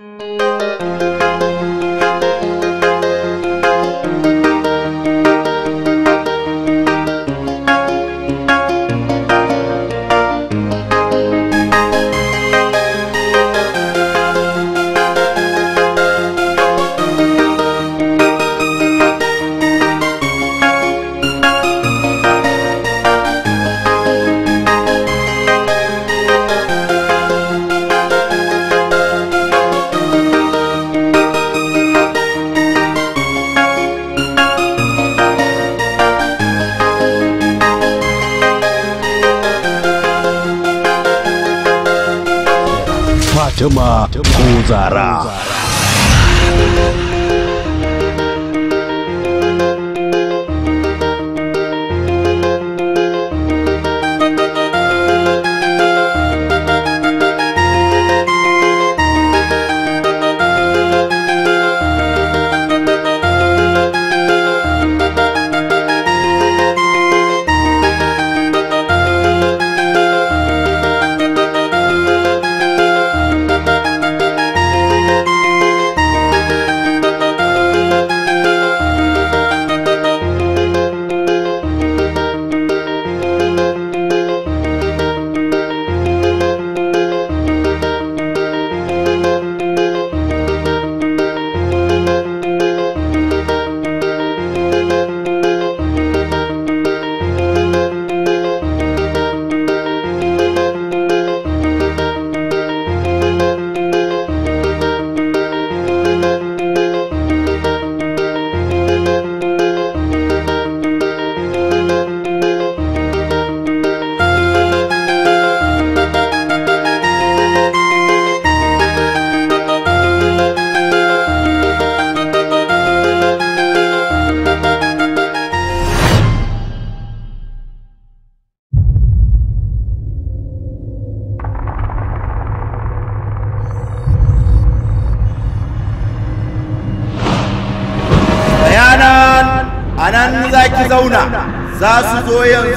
Thank you.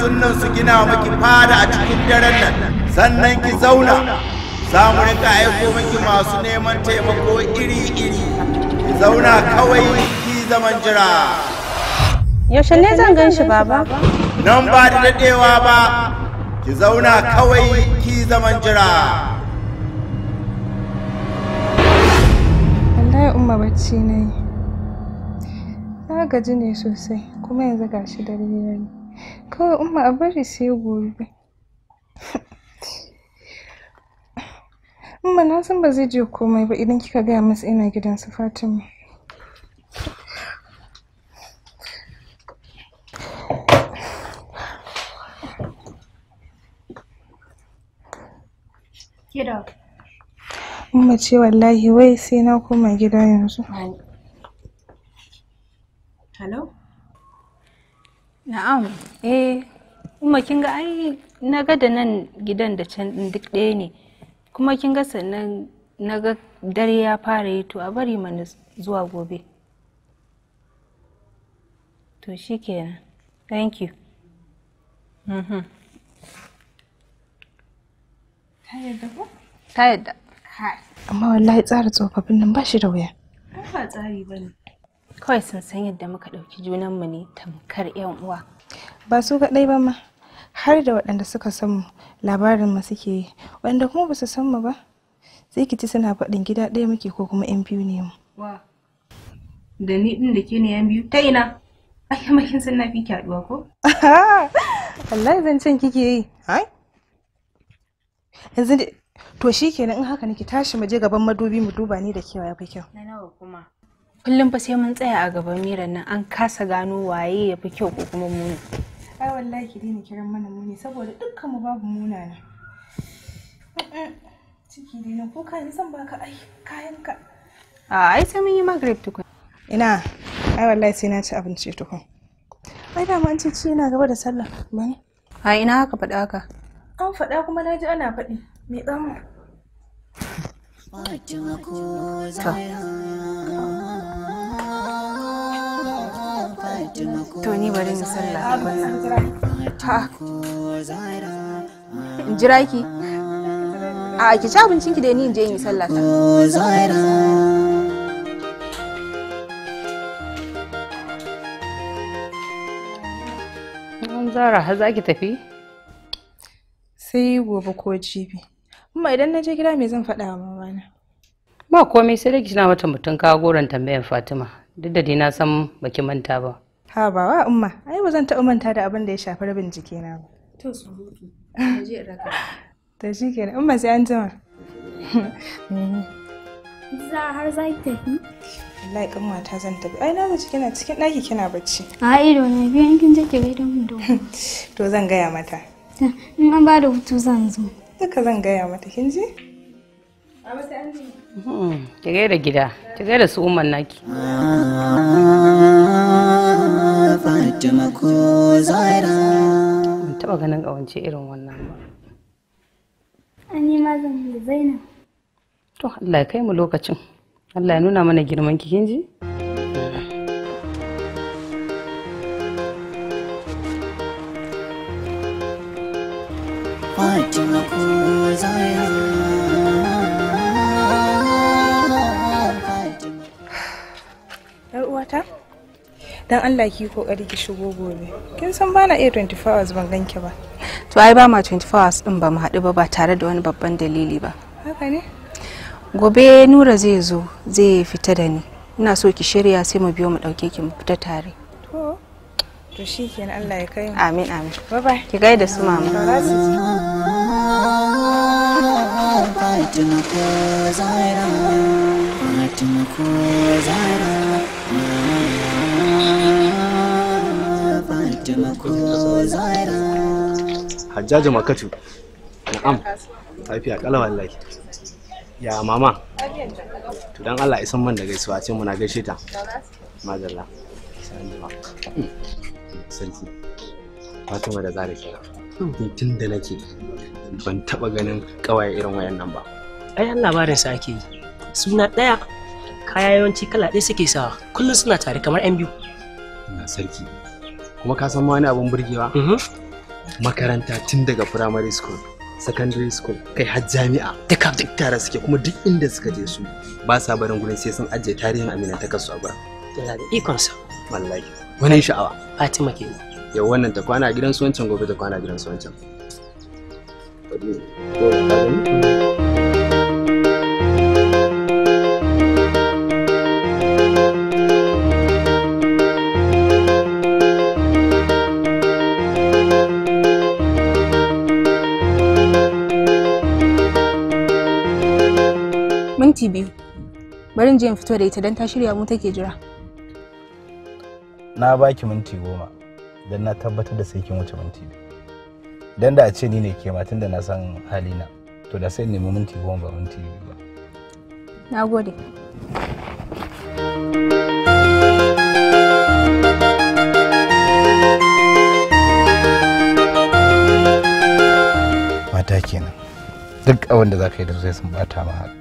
yanzu nan su gina maki fada a cikin daren nan sannan ki zauna za mu rika aiko maki masu neman taimako iri-iri ki zauna kawai ki zaman jira yaushe ne zan gan shi baba nan ba da daɗewa ba ki zauna kawai ki zaman jira ya umma bacci na yi na gaji ne sosai kuma yanzu gashi dare ya kawai umma a bari sai gobe umma na san ba zai je komai ba idan kika gaya masa ina gidan su fatima Gida. Umma ce wallahi wai sai na koma gida yanzu. Hello? Na'am, eh, kuma kin ga ai na ga da nan gidan da can din duk ɗaya ne, kuma kin ga sannan na ga dare ya fara yi to a bari mana zuwa gobe. To shi kenan, thank you. Mhm. Ta yadda ko? Ta yadda. Amma wallahi tsara tsofaffin nan ba shi da wuya. Ba tsari ba ne. kawai sun san yadda muka ɗauki junanmu ne tamkar 'yan uwa ba su kaɗai ba ma har da waɗanda suka san mu labarin mu suke yi waɗanda kuma ba su san mu ba sai ki ci suna faɗin gida ɗaya muke ko kuma 'yan biyu ne mu da ni ɗin da ke ne 'yan biyu ta ina ai makin sun na fi kyaɗuwa ko wallahi can kike yi ai yanzu to shikenan in haka ki tashi mu je gaban madubi mu duba ni da kewa ya fi kyau na nawa kuma kullum fa sai mun tsaya a gaban miran nan an kasa gano waye ya fi kyau ko kuma muni ai wallahi dai daina kiran mana muni saboda dukkan mu babu munana ciki dai na kuka ni zan baka ai kayan ka a ai sai mun yi magrib tukun ina ai wallahi sai na ci abinci tukun ai da man ci ci yana gaba da sallah ba ne a ina haka faɗa haka an faɗa kuma na ji ana faɗi me tsamu To. to ni bari ni sallah abin in jira ki a ki ci abincin ki da ni in je in yi sallah ta Zara har za ki tafi? Sai gobe ko jibi. Amma idan na je gida me zan faɗa wa mamana? Ba komai sai dai kina mata mutum kawo goron tambayan Fatima. Duk da dai na san baki manta ba. ha ba wa umma ai ba zan taɓa manta da abin da ya shafi rabin na ba to su mutu je raka to shi na, umma sai an jima za har za ki tafi wallahi kan mata zan tafi ai na zaci kina cikin ɗaki kina bacci a ido na biyu in kin je ki gaida mu da to zan gaya mata in an ba da hutu zan zo duka zan gaya mata kin ji Hmm, ki gaida gida ki gaida su umman naki Fatima ko ban taba ganin kawance irin wannan ba an yi mazan da Zainab to Allah ya kai mu lokacin Allah ya nuna mana girman ki ji dan Allah ki kokari ki shigo gobe kin san bana iya 24 hours ban ganki ba to ai ba ma 24 hours din ba mu haɗu ba ba tare da wani babban dalili ba haka ne gobe nura zai zo zai fita da ni ina so ki shirya sai mu biyo mu dauke ki mu fita tare to to shikenan Allah ya kai amin amin bye bye ki gaida su mama Fatima ko Zara. Hajjaju Makatu. Na'am. Lafiya kala wallahi. Ya mama. To dan Allah isan man da gaisuwa ce muna gaishe ta. Madalla. Sarki. Fatima da Zara kenan. Tun da nake ban taba ganin kawaye irin wayannan ba. Ai yan labarin sa ake yi. Suna ɗaya kaya yawanci kala ɗaya suke sawa kullum suna tare kamar 'yan biyu. sarki kuma ka san wani abun burgewa mhm. makaranta tun daga primary school secondary school kai har jami'a duka duk tare suke kuma duk inda suka je su ba sa barin gurin sai sun ajiye tarihin amina ta kasuwa ba. yana da ikon sa wallahi wani sha'awa Fatima ke yau wannan ta kwana gidan suwancin gobe ta kwana gidan suwancin Thank you. minti biyu bari je in fito da ita don ta shirya mu take jira na baki minti goma don na tabbatar da sai kin wuce minti biyu don da a ce ni ne ke matan da na san halina to da sai nemi minti goma ba minti biyu ba na gode mata kenan duk abin da za ka yi da zai sun bata ma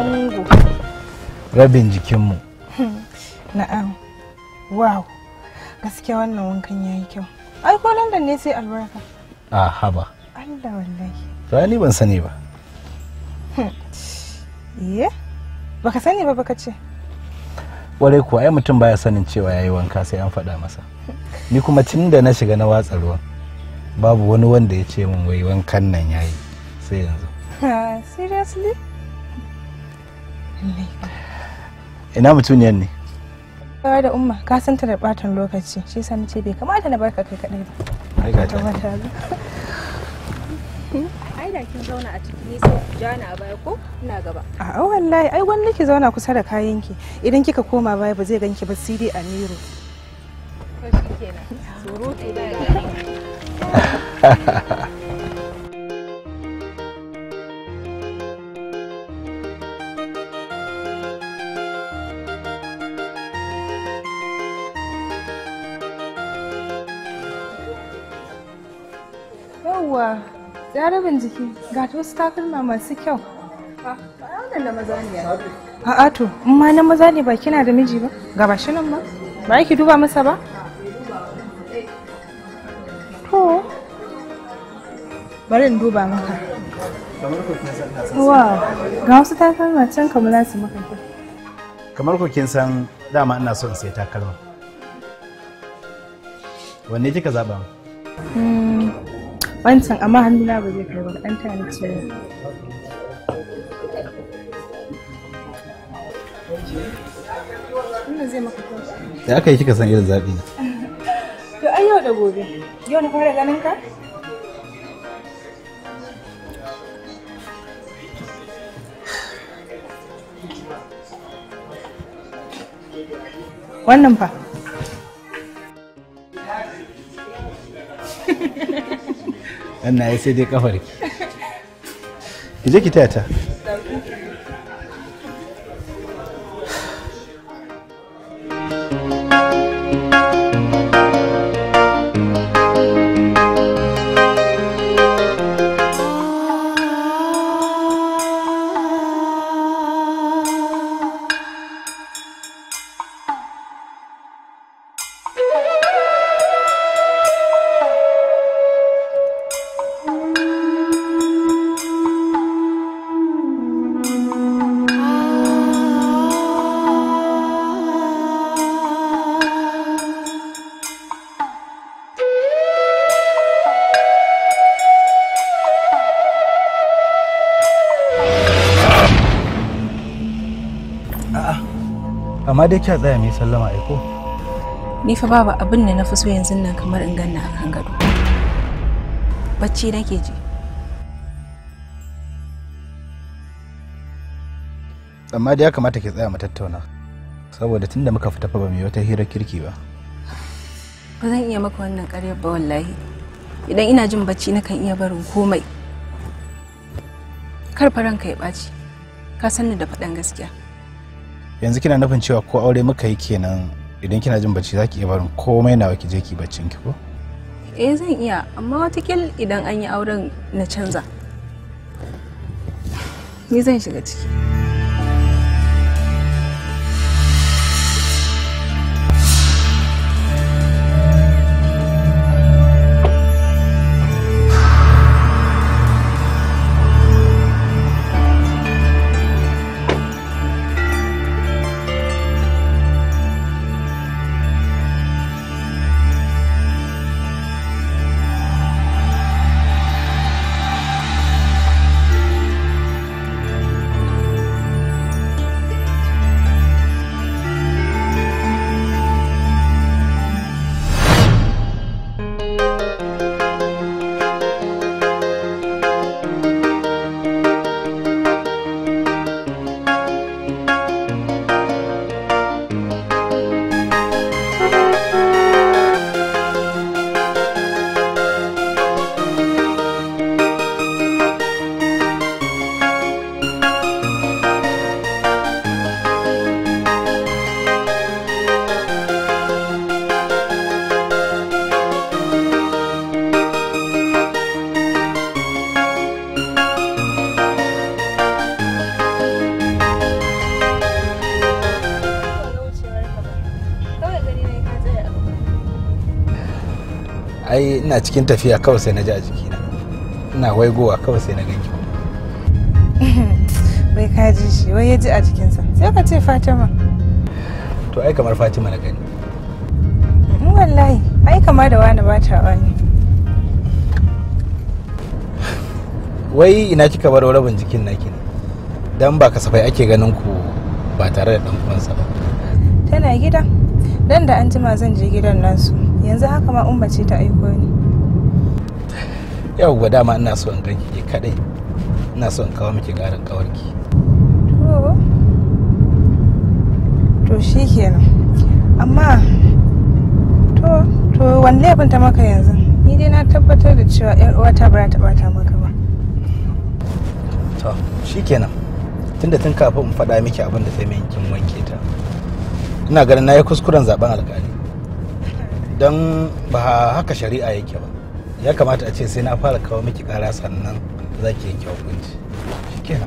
ango rabin jikinmu hmm. na'am wow gaskiya wannan wankan ya yi kyau ai ko london ne sai albarka a haba allah wallahi rani ban sani ba hmm. ye baka sani ba baka ce warai kuwa ai mutum baya sanin cewa yayi wanka sai an faɗa masa ni kuma tun da na shiga na watsa ruwan babu wani wanda ya ce min wai wankan nan yayi sai yanzu seriously ina mutuniyar ne kawai da umma ka san ta da batan lokaci shi yasa nace bai kamata na barka kai kadai ba ai ga ta ai da kin zauna a ciki ne sai jana a baya ko ina gaba a'a wallahi ai wani ki zauna kusa da kayan ki idan kika koma baya ba zai ganki ba sai dai a miro to shikenan surutu da yarabin rabin jiki ga wasu takalma masu kyau a'a to in ma na maza ne ba kina da miji ba ga ba nan ba ba ki duba masa ba to bari in duba maka ga wasu takalma can kamar nasu maka kamar ku kin san dama ina son sai takalma wanne kika zaba mu hmm, wancan amma hannuna ba zai kai ba an ta ne ce ya aka yi kika san irin zaɓi to an yau da gobe yau na fara ganin ka wannan fa Ana ya sai dai kafar ki. Ki je ki taya ta. amma dai kya tsaya mai sallama ai ko ni fa babu abin ne na fi so yanzu nan kamar in ganna akan gado bacci nake ji amma dai ya kamata ki tsaya mu tattauna saboda tunda muka fita fa ba mu yi wata hira kirki ba ba zan iya maka wannan ƙaryar ba wallahi idan ina jin bacci na kan iya barin komai kar ranka ya ɓaci ka san ni da faɗan gaskiya yanzu kina nufin cewa ko aure muka yi kenan idan kina jin bacci zaki iya barin komai nawa ki je ki baccin ki ko eh zan iya amma watakil idan an yi auren na canza ni zan shiga ciki ina cikin tafiya kawai sai na ji a jikina ina waigowa kawai sai na ganki wai ka ji shi wai ya ji a jikinsa sai ka ce fatima to ai kamar fatima na gani mm, wallahi ai kamar da wani ba ta wani wai ina kika baro rabin jikin naki ne dan ba kasafai ake ganin ku ba tare da dan uwansa ba tana gida dan da an jima zan je gidan nasu yanzu haka ma umma ce ta aiko ni yau ba dama ina so in ganki ke kadai ina so in kawo miki garin kawarki to shi kenan amma to to wanne abin ta maka yanzu ni dai na tabbatar da cewa yar uwata ba ta bata maka ba to shi kenan tunda tun kafin in faɗa miki abin da ta min kin wanke ta ina ganin na yi kuskuren zaben alkali don ba haka shari'a yake ba ya kamata a ce sai na fara kawo miki kara sannan za ki yanke hukunci shikenan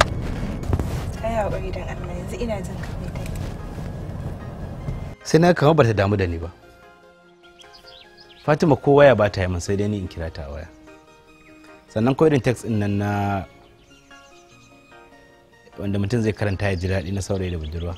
kai dan Allah yanzu ina jin sai na kama bata damu da ni ba Fatima ko waya ba ta yi min sai dai ni in kira ta waya sannan ko irin text din nan na wanda mutum zai karanta ya ji daɗi na saurayi da budurwa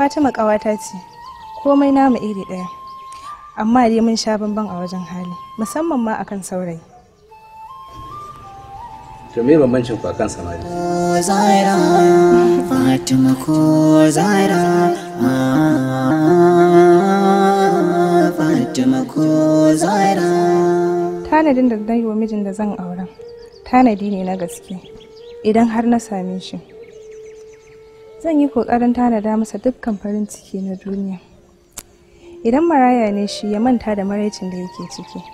fatima ƙawata ce komai namu iri ɗaya amma dai mun sha bamban a wajen hali musamman ma akan saurayi to me bambancin ku akan samari zaira fatima ko zaira ah, fatima ko zaira tanadin da zan yi wa mijin da zan aura tanadi ne na gaske idan har na same shi zan yi ƙoƙarin tanada masa dukkan farin ciki na duniya idan maraya ne shi ya manta da maraicin da yake ciki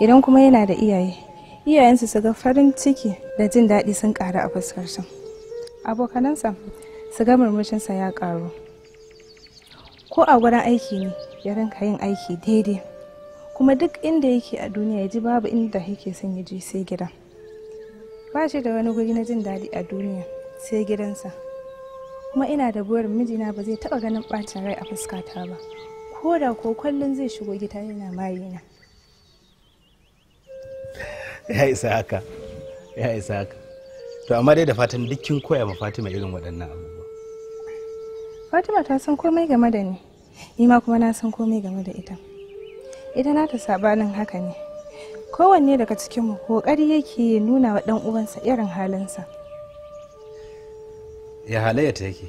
idan kuma yana da iyaye iyayensu su ga farin ciki da jin daɗi sun ƙaru a fuskarsa abokanansa su ga murmushinsa ya ƙaru ko a wurin aiki ne ya rinka yin aiki daidai kuma duk inda yake a duniya ya ji babu inda yake son ya je sai gida ba shi da wani guri na jin daɗi a duniya sai gidansa kuma ina da buwar mijina ba zai taɓa ganin bacin rai a fuskata ba ko da ko kwallon zai shigo gida yana na ya isa haka ya isa haka to amma dai da fatan dukkin koya ma fatima irin waɗannan abubuwa fatima ta san komai game da ni ni ma kuma na san komai game da ita ita na ta sabanin haka ne kowanne daga cikinmu kokari yake nuna wa ɗan uwansa irin halinsa ya halayya ta yake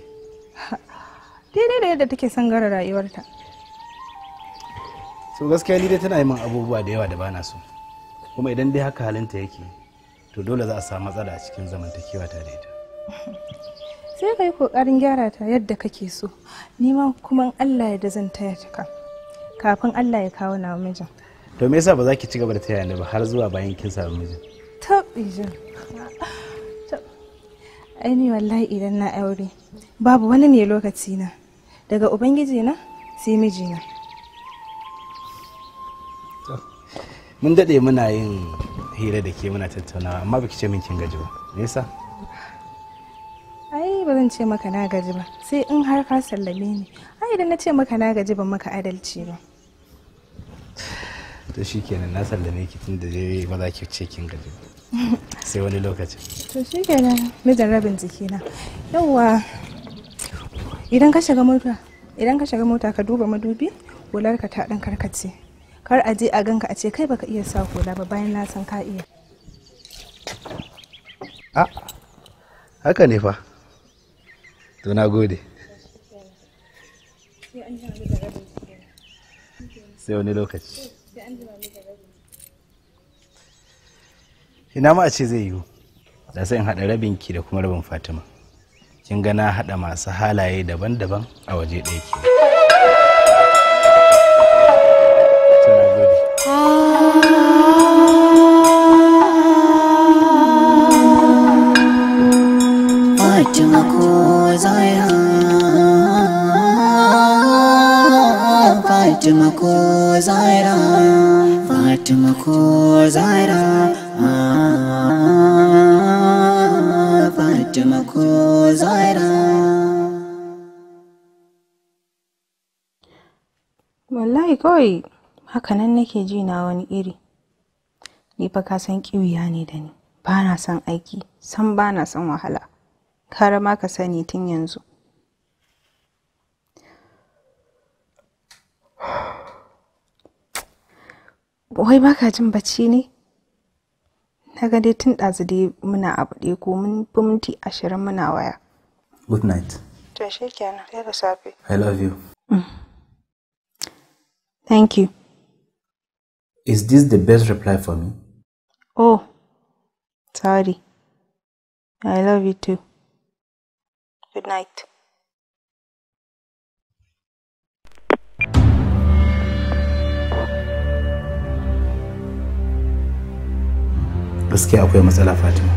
daidai da yadda take son gara rayuwarta so gaskiya ni dai tana yi min abubuwa da yawa da bana so kuma idan dai haka halin ta yake to dole za a samu matsala a cikin zamantakewa ta da ita sai ka yi kokarin gyara ta yadda kake so neman kuma Allah ya da zan taya ta kafin Allah ya kawo na mijin to me yasa ba za ki ci gaba da taya ni ba har zuwa bayan kin samu mijin tabbijin aini wallahi idan na aure babu wani ne lokaci na daga ubangiji na sai mijina mun dade muna yin hira da ke muna tattaunawa amma baki ce min kin gaji ba me yasa ai ba zan ce maka na gaji ba sai in har ka sallame ni ai idan na ce maka na gaji ba maka adalci ba to shi na sallame ki tun da dai ba za ki ce kin gaji sai wani lokaci to shi mijin rabin na yawa idan ka shiga mota idan ka shiga mota ka duba madubi hular ka ta dan karkace kar a je a ganka a ce kai baka iya sa hula ba bayan na san ka iya a ah, haka ne fa to na gode sai wani lokaci ina ma a ce zai yiwu da sai in haɗa rabin ki da kuma rabin fatima kin ga na haɗa masu halaye daban-daban a waje ɗaya ke Fatima ko Fatima ko Zaira Fatima ko Zaira ah, Fatima ko Zaira Wallahi kawai hakanan nake ji na wani iri ni fa ka san kiwiya ne da ni ba na son aiki san ba na son wahala Karama ka sani tun yanzu wai baka jin bacci ne na ga dai tun ɗazu dai muna abu ɗaya ko mun fi minti ashirin muna waya good night to shi kenan sai da safe i love you mm. thank you is this the best reply for me oh sorry i love you too good night gaskiya akwai matsala fatima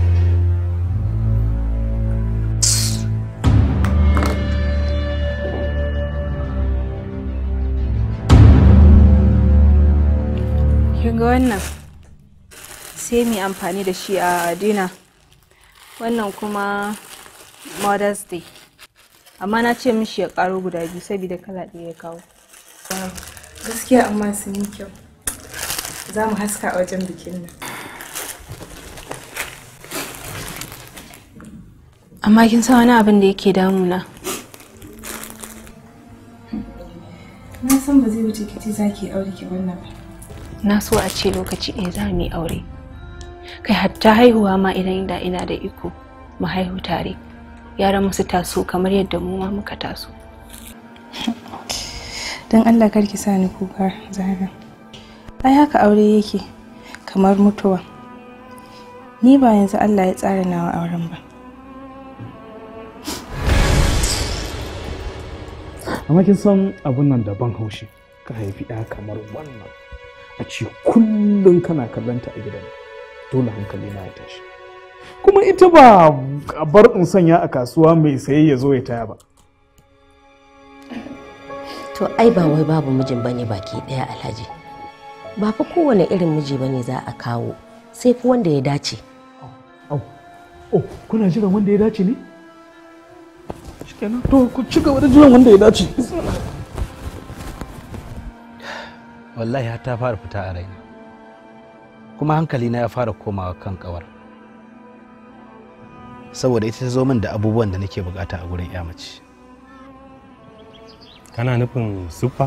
kin ga wannan sai mu amfani da shi a dina wannan kuma mother's day amma na ce mishi ya karo guda biyu saboda kala ɗaya ya kawo gaskiya amma sun yi kyau za mu haska a wajen bikin nan amma kin san wani abin da yake damuna na san ba zai wuce kici za ki aure ki wannan ba na so a ce lokaci ɗaya za mu yi aure kai hatta haihuwa ma idan da ina da iko mu haihu tare yaran musu taso kamar yadda mu ma muka taso don allah kar ki sa ni kuka zara ai haka aure yake kamar mutuwa ni ba yanzu allah ya tsara nawa auren ba amma kin san abun nan da ban haushi ka haifi ɗa kamar wannan a ce kullum kana kallonta a gidan dole hankali na ya tashi kuma ita ba a bar in sanya a kasuwa mai saye ya zo ya taya ba to ai ba wai babu mijin bane baki ɗaya alhaji ba fa kowane irin miji bane za a kawo sai fi wanda ya dace oh, oh, kuna jiran wanda ya dace ne kenan to ku ci gaba da jiran wanda ya dace wallahi har ta fara fita a raina kuma hankali na ya fara komawa kan kawar saboda ita ta zo min da abubuwan da nake bukata a gurin ya mace kana nufin siffa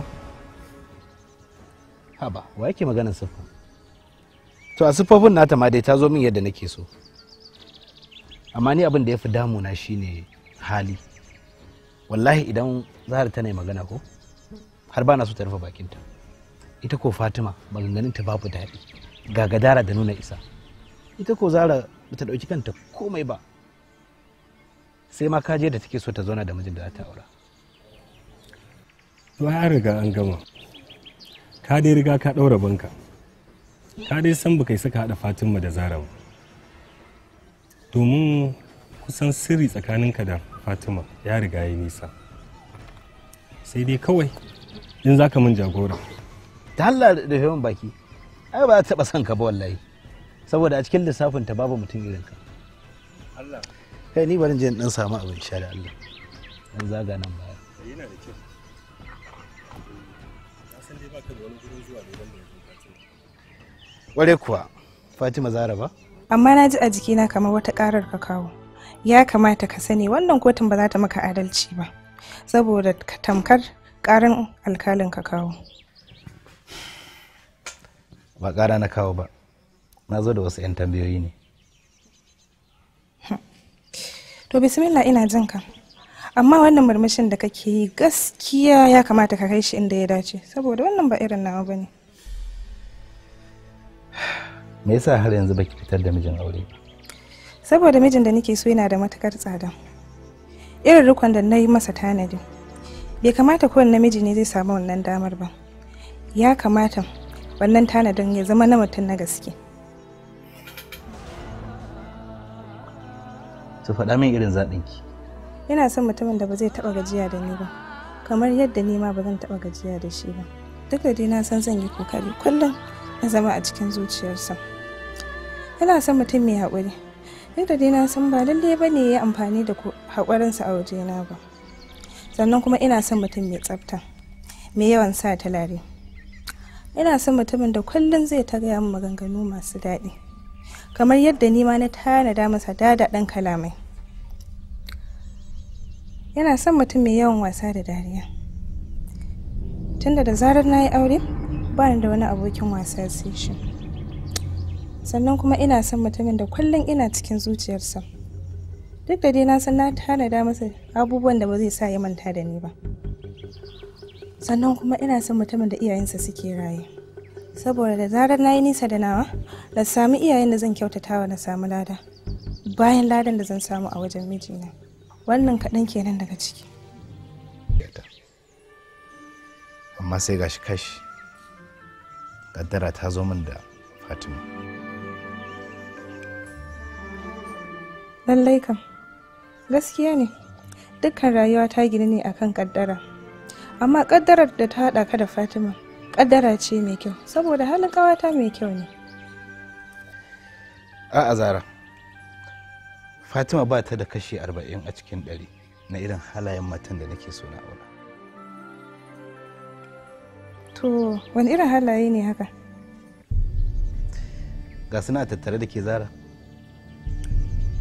haba wa yake maganin siffa to a siffofin nata ma dai ta zo min yadda nake so amma ni abin da ya fi damuna shine hali wallahi idan zahar tana magana ko har ba na so ta rufe bakinta ita ko fatima maganganun ta babu daɗi ga gadara da nuna isa ita ko zahra ba ta ɗauki kanta komai ba sai ma kaje da take so ta zauna da mijin da za ta aura to ya riga an gama ka dai riga ka ɗaura banka ka dai san baka yi saka haɗa fatima da zara ba domin kusan sirri tsakaninka da fatima ya riga ya nisa sai dai kawai in za ka min jagora ta halla da yawan baki ai ba ta taɓa son ka ba wallahi saboda a cikin lissafin ta babu mutum irin ka Allah kai ni barin je dan samu abin sha da Allah dan zaga nan baya yana da kyau na san dai baka da wani gurin zuwa da wanda ya kuwa Fatima Zaraba amma na ji a jikina kamar wata karar ka kawo ya kamata ka sani wannan kotun ba za ta maka adalci ba saboda ka tamkar karin alkalin ka kawo ba kara na kawo ba na zo da wasu 'yan tambayoyi ne to bismillah ina jin ka amma wannan murmushin da kake yi gaskiya ya kamata ka kai shi inda ya dace saboda wannan ba irin nawa bane me yasa har yanzu baki fitar da mijin aure ba saboda mijin da nake so yana da matukar tsada irin rikon da na yi masa tanadi bai kamata kowane namiji ne zai samu wannan damar ba ya kamata wannan tanadin ya zama na mutum na gaske su faɗa min irin zaɗinki yana son mutumin da ba zai taɓa gajiya da ni ba kamar yadda ni ma ba zan taɓa gajiya da shi ba duk da dai na san zan yi kokari kullum na zama a cikin zuciyarsa yana son mutum mai haƙuri ni da dai na san ba lalle ba ne ya amfani da haƙwarinsa a waje na ba sannan kuma ina son mutum mai tsafta mai yawan sa talare ina son mutumin da kullum zai ta gaya min maganganu masu daɗi kamar yadda ni ma na tana da masa dada ɗan kalamai yana son mutum mai yawan wasa da dariya tunda da zarar na yi aure ba ni da wani abokin wasa sai shi sannan kuma ina son mutumin da kullum ina cikin zuciyarsa duk da dai na san na tanada masa abubuwan da ba zai sa ya manta da ni ba sannan kuma ina son mutumin da iyayensa suke raye saboda da zarar na yi nisa da nawa na sami iyayen da zan kyautatawa na samu lada bayan ladan da zan samu a wajen mijina wannan kaɗan kenan daga ciki amma sai gashi kashi ƙaddara ta zo min da fatima lallai kam gaskiya ne dukkan rayuwa ta gina ne akan kaddara amma kaddarar da ta haɗa ka da fatima kaddara ce mai kyau saboda halin ƙawata mai kyau ne a'a zara fatima ba ta da kashi arba'in a cikin ɗari na irin halayen matan da nake so na aura to wani irin halaye ne haka ga suna tattare da ke zara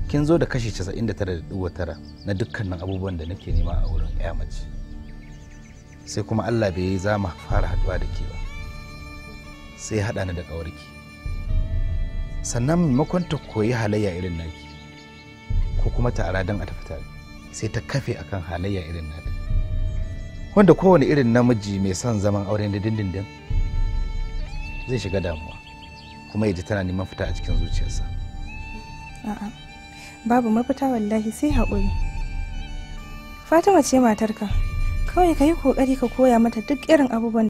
kin zo da kashi 99.9 na dukkanin abubuwan da nake nema a wurin ya mace sai kuma allah bai yi za mu fara haduwa da ke ba sai haɗa ni da ƙawarki sannan maimakon ta koyi halayya irin naki ko kuma ta aradan a tafi tare sai ta kafe akan halayya irin naki wanda kowane irin namiji mai son zaman auren da dindindin zai shiga damuwa kuma ya ji tana neman fita a cikin zuciyarsa. a'a babu mafita wallahi sai haƙuri fatima ce matarka kawai ka yi ƙoƙari ka koya mata duk irin abubuwan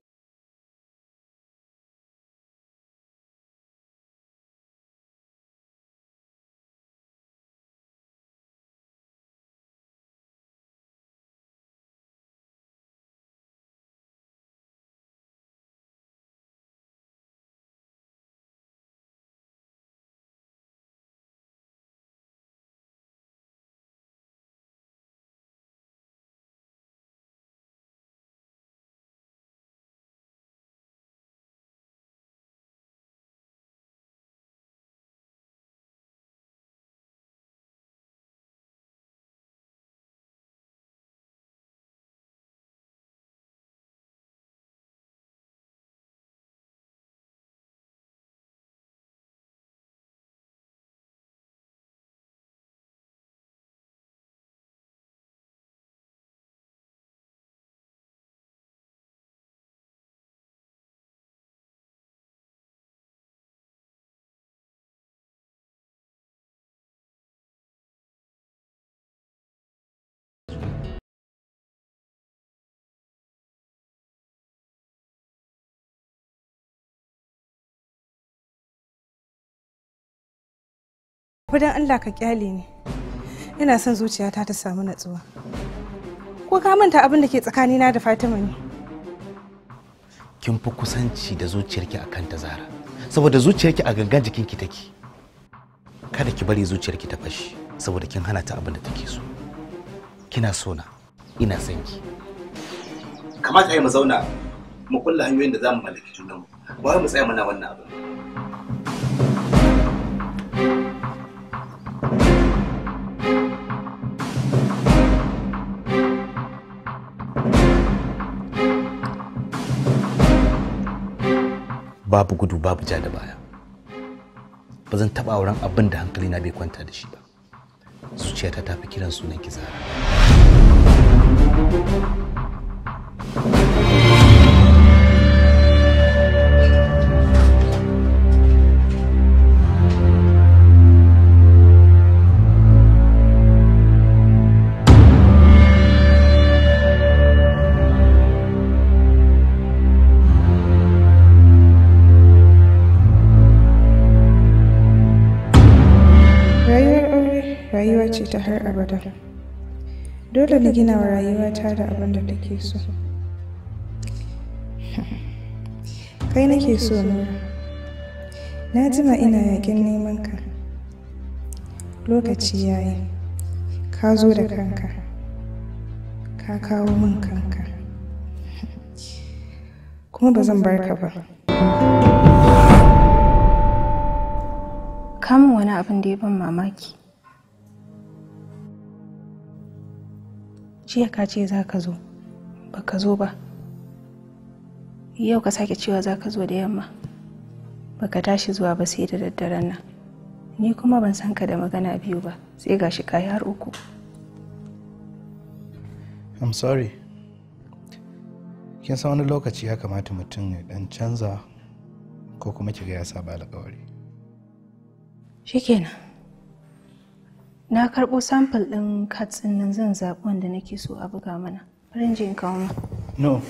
tafi don Allah ka kyale ni ina son zuciyata ta samu natsuwa ko ka manta abin da ke tsakanina da Fatima ne kin fi kusanci da zuciyarki akan ta Zara saboda zuciyarki a gangan jikinki take kada ki bari zuciyarki ta fashi saboda kin hana ta abin da take so kina so na ina son ki kamata yi mu zauna mu kulla hanyoyin da zamu mallaki junanmu ba mu tsaya muna wannan abin thank you babu gudu babu ja da baya bazan zan taɓa auren abin da na bai kwanta da shi ba zuciyata ta fi kiran sunan ki ta har abada dole na gina wa rayuwata da abin da take so kai nake so nura na jima ina yakin neman ka lokaci ya yi ka zo da kanka ka kawo min kanka kuma ba zan bar ka ba kamun wani abin da ya ban mamaki jiya ka ce za ka zo ba ka zo ba yau ka sake cewa za ka zo da yamma ba ka tashi zuwa ba sai da daddaren nan ni kuma ban san ka da magana biyu ba sai ga shi ka har uku i'm sorry kin san wani lokaci ya kamata mutum ya dan canza ko kuma kiga ya saba shi shikenan na karɓo din ɗin din nan zan zaɓi wanda nake so a buga mana farin in kawo no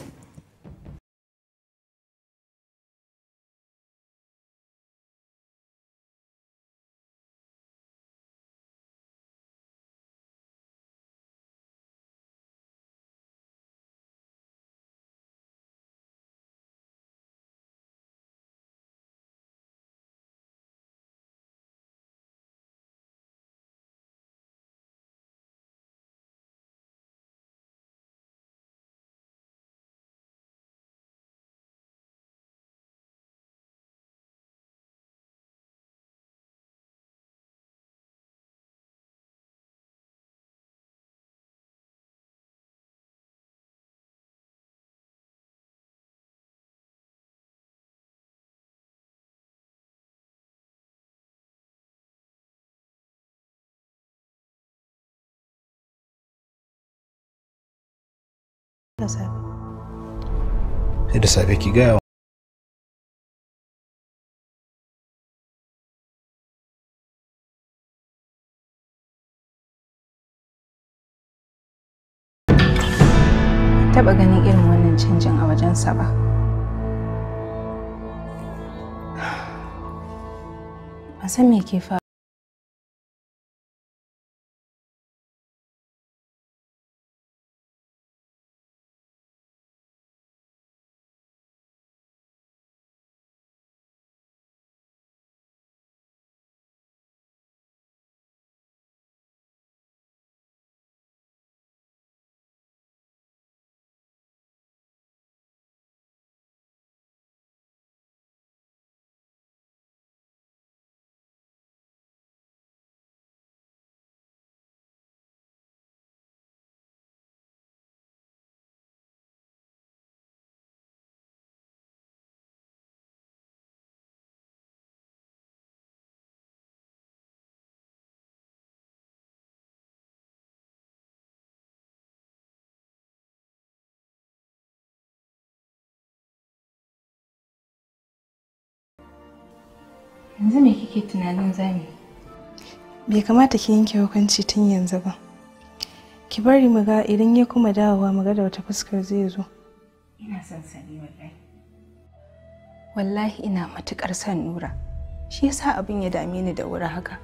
da safe sai da safe ki gaya taba ganin irin wannan canjin a wajensa ba. A san me ke faru. yanzu me kike tunanin yi? bai kamata ki yanke hukunci tun yanzu ba ki bari mu ga idan ya kuma dawowa mu ga da wata fuskar zai zo ina son sani wallahi wallahi ina matukar son nura shi yasa abin ya dame ni da wuri haka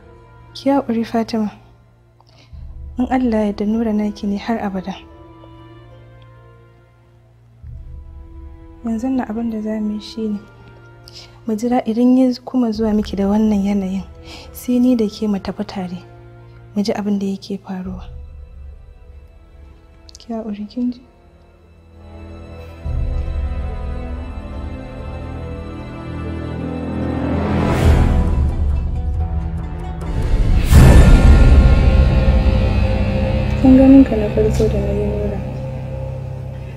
ki haƙuri fatima in allah ya da nura naki ne har abada yanzu na abin da za mu yi shi ne mu jira idan ya kuma zuwa miki da wannan yanayin sai ni da ke mu tafi tare mu ji abin da yake faruwa kya ganin ka na farko da na yi nura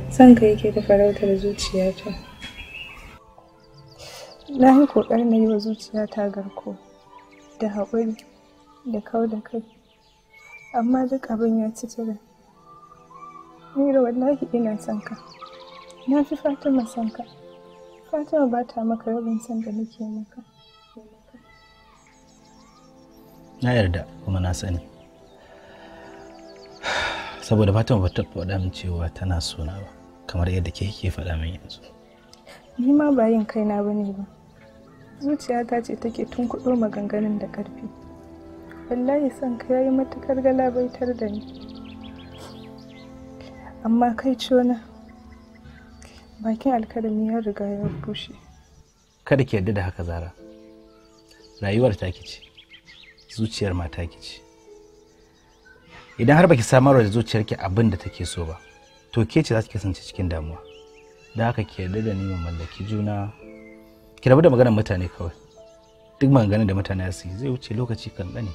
son ka yake ta farautar zuciyata na yi kokarin na yi wa zuciya ta garko da haƙuri da kau da kai amma duk abin ya ci cire nira wallahi ina son ka na fi fatima son ka fatima ba ta maka rabin son da nake maka na yarda kuma na sani saboda fatima ba ta faɗa min cewa tana sona ba kamar yadda ke ke faɗa min yanzu ni ma ba yin kaina ba ne ba zuciyata ce take tun tunkuɗo maganganun da ƙarfi wallahi son ka yayi matukar galabaitar da ni amma kai cona bakin alkalami ya riga ya bushe kada ki yarda da haka zara rayuwar ta ce zuciyar ma ta ce idan har baki samar da zuciyarki abinda da take so ba to ke ce za ki kasance cikin damuwa da haka ki yarda da ni mu mallaki juna ki rabu da maganar mutane kawai duk maganganun da mutane su yi zai wuce lokaci kan dane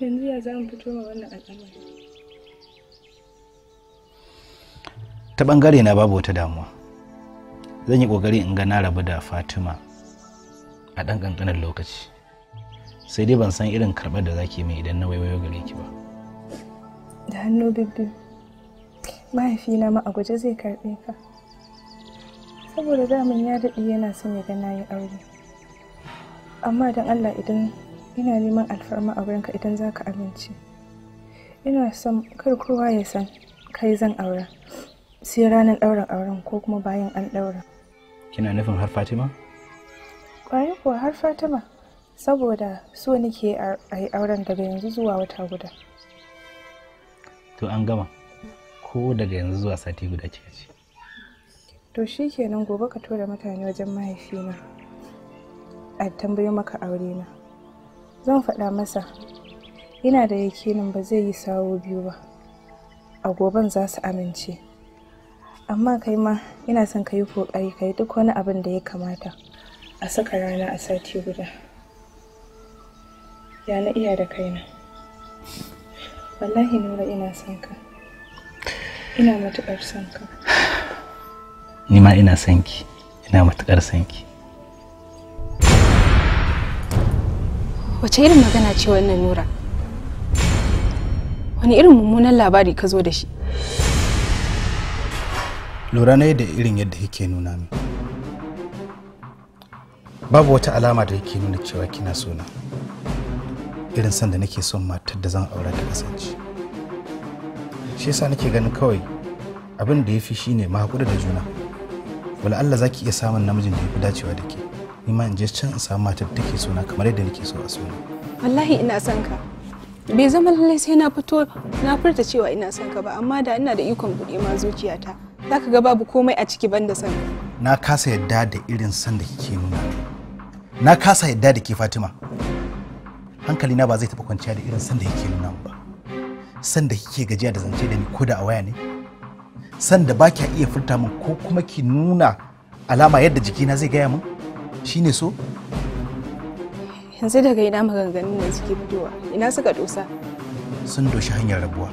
yanzu ya za mu fito ma wannan al'amari ta bangare na babu wata damuwa zan yi kokari in ga na rabu da fatima a ɗan ƙanƙanin lokaci sai dai ban san irin karɓar da zaki mai idan na waiwayo gare ki ba da hannu bibbi mahaifina ma a guje zai karɓe ka saboda daman ya daɗe yana son ya ga nayi aure amma don allah idan ina neman alfarma a wurinka idan za ka amince ina son kar kowa ya san kai zan aura sai ranar ɗaurin auren ko kuma bayan an ɗaura kina nufin har fatima kwaye kuwa har fatima saboda so nake a yi auren daga yanzu zuwa wata guda to an gama ko daga yanzu zuwa sati guda kika ce to shi kenan gobe ka tura mutane wajen mahaifina a tambayo maka aure na zan faɗa masa ina da yakinin ba zai yi sawo biyu ba a goben za su amince amma kai ma ina son ka yi ƙoƙari ka yi duk wani abin da ya kamata a saka rana a sati guda ya na iya da kaina wallahi nura ina son ka Ina matuƙar son ka. Ni ma ina son ki. Ina matuƙar son ki. Wace irin magana ce wannan Nura? Wani irin mummunan labari ka zo da shi? Lura na da irin yadda yake nuna min. Babu wata alama da yake nuna cewa kina sona. Irin son da nake son matar da zan aure ta kasance. shi yasa nake ganin kawai abin da ya fi shine ma hakuri da juna wala Allah zaki iya samun namijin da ya fi dacewa da ke ni ma in je can in samu matar da take suna kamar yadda nake so a suna. wallahi ina son ka bai zama lallai sai na fito na furta cewa ina son ka ba amma da ina da ikon buɗe ma zuciyata zaka ga babu komai a ciki banda son na kasa yadda da irin son da kike nuna na kasa yadda da ke Fatima hankali na ba zai taɓa kwanciya da irin son da yake nuna ba sanda kike gajiya da zance da ni ko da a waya ne sanda ba kya iya furta min ko kuma ki nuna alama yadda jikina zai gaya min shine so yanzu daga ina maganganun ne suke fitowa ina suka dosa sun doshi hanyar rabuwa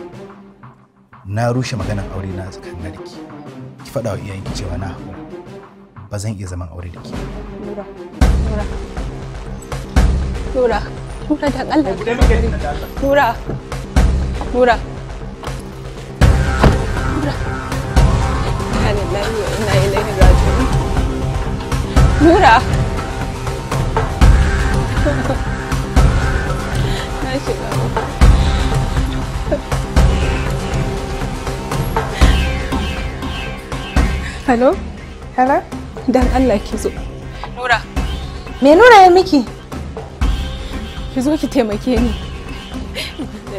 na rushe maganar aure na tsakanin da ki ki faɗa wa iyayenki cewa na hako ba zan iya zaman aure da ke. Nura Nura Nura Nura Nura Nura. Nura. Ina ilaihi Na shiga Hello? Hello? Dan Allah ki zo. Nura. Me Nura ya miki? Ki zo ki taimake ni.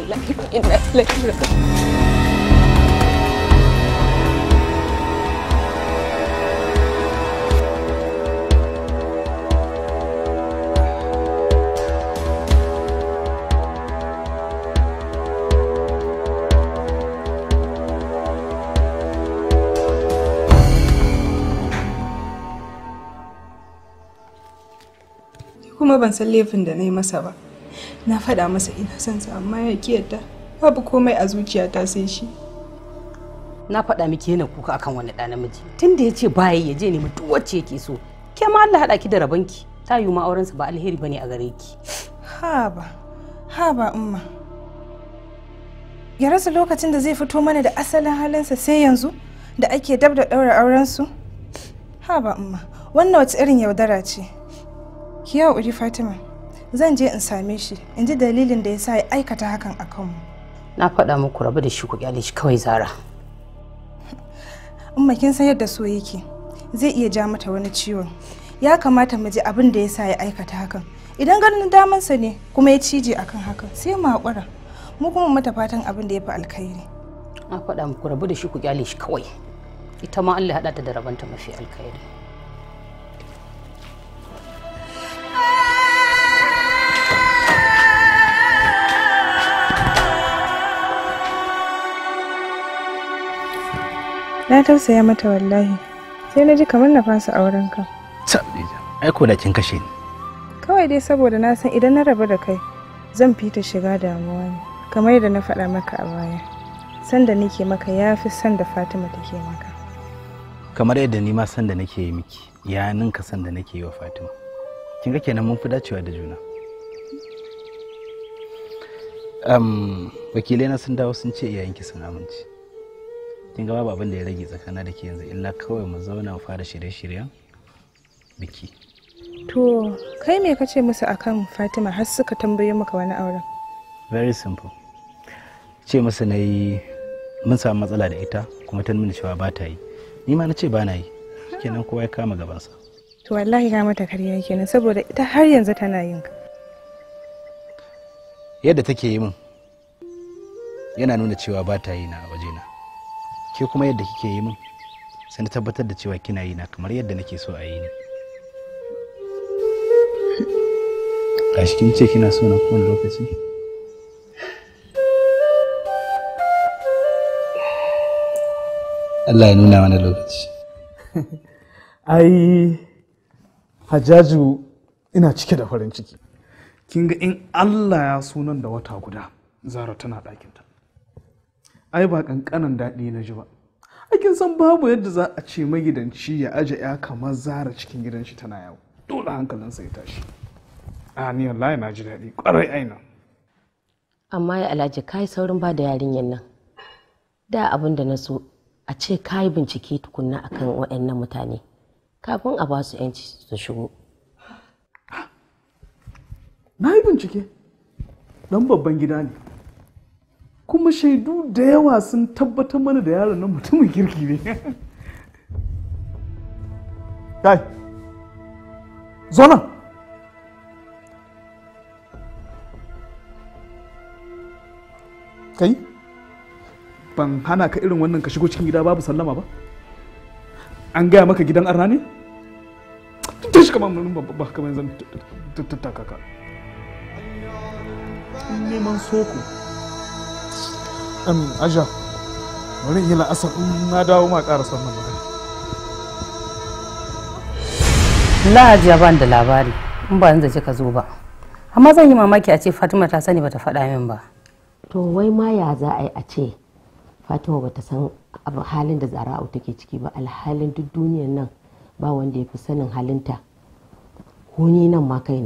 لك هنا لك kuma ban san laifin da na yi masa ba. na faɗa masa ina son sa amma ya ki babu komai a zuciyata sai shi na faɗa miki yana kuka akan wani ɗa namiji tunda ya ce baya ya je nemi duk wacce yake so ke ma Allah haɗa ki da rabanki ta yi ma aurensa ba alheri bane a gare ki Ha ba, ha ba umma ya rasa lokacin da zai fito mana da asalin halinsa sai yanzu da ake dab da ɗaura aurensu? Ha ba, umma, wannan wace irin yaudara ce. Ki uri Fatima. zan je in same shi in ji dalilin da ya sa ya aikata hakan a kanmu na faɗa muku rabu da shi ku kyale shi kawai zara umma kin san yadda so yake zai iya ja mata wani ciwon ya kamata mu ji abin da ya sa ya aikata hakan idan ganin damansa ne kuma ya cije akan hakan sai mu haƙura mu kuma mata fatan abin da ya fi alkhairi na faɗa muku rabu da shi ku kyale shi kawai ita ma Allah ya haɗa ta da rabanta mafi alkhairi na tausaya mata wallahi sai na ji kamar na fasa auren ka ai ko da kin kashe ni kawai dai saboda na san idan na rabu da kai zan fita shiga damuwa ne kamar yadda na faɗa maka a baya sanda nake maka ya fi sanda fatima take maka kamar yadda ni ma sanda nake yi miki ya ninka sanda nake yi wa fatima kin ga kenan mun fi dacewa da juna um, wakilai na sun dawo sun ce iyayenki sun amince kin ga babu abin da ya rage tsakana da ke yanzu illa kawai mu zauna mu fara shirye-shiryen biki to kai me ka ce musu akan fatima har suka tambaye maka wani auren very simple ce musu na yi mun samu matsala da ita kuma ta nuna cewa ba ta yi ni ma na ce ba na yi kenan kowa ya kama gabansa to wallahi ga mata karya kenan saboda ita har yanzu tana yin ka yadda take yi min yana nuna cewa ba ta yi na ba ke kuma yadda kike yi min sai na tabbatar da cewa kina yi na kamar yadda nake so a yi ni a kin ce kina so na kowane lokaci Allah ya nuna wani lokaci ai hajjaju ina cike da farin ciki kinga in Allah ya sunan da wata guda zara tana ɗakinta ai ba kankanan daɗi na ji ba kin san babu yadda za a ce magidanci ya aje ya kamar zara cikin gidan shi tana yawo dole hankalinsa ya tashi a ni wallahi na ji daɗi ƙwarai aina amma ya alhaji kai saurin ba da yarinyan nan da abin da na so a ce ka bincike tukunna akan waɗannan mutane kafin a ba su yanci su shigo na yi bincike dan babban gida ne kuma shaidu da yawa sun tabbatar mana da yaron nan mutumin kirki ne kai zo nan kai ban hana ka irin wannan ka shigo cikin gida babu sallama ba an gaya maka gidan arna ne ta shi kamar mun ba kamar zan tattaka ka neman soko am aja bari yi la'asar na dawo ma ƙara son nan magana lahajiya da labari in ba yanzu ka zo ba amma zan yi mamaki a ce fatima ta sani bata faɗa min ba to wai ma ya za a yi a ce fatima bata san halin da zara'u take ciki ba alhalin duk duniyar nan ba wanda ya fi sanin halinta ko ni nan ma kai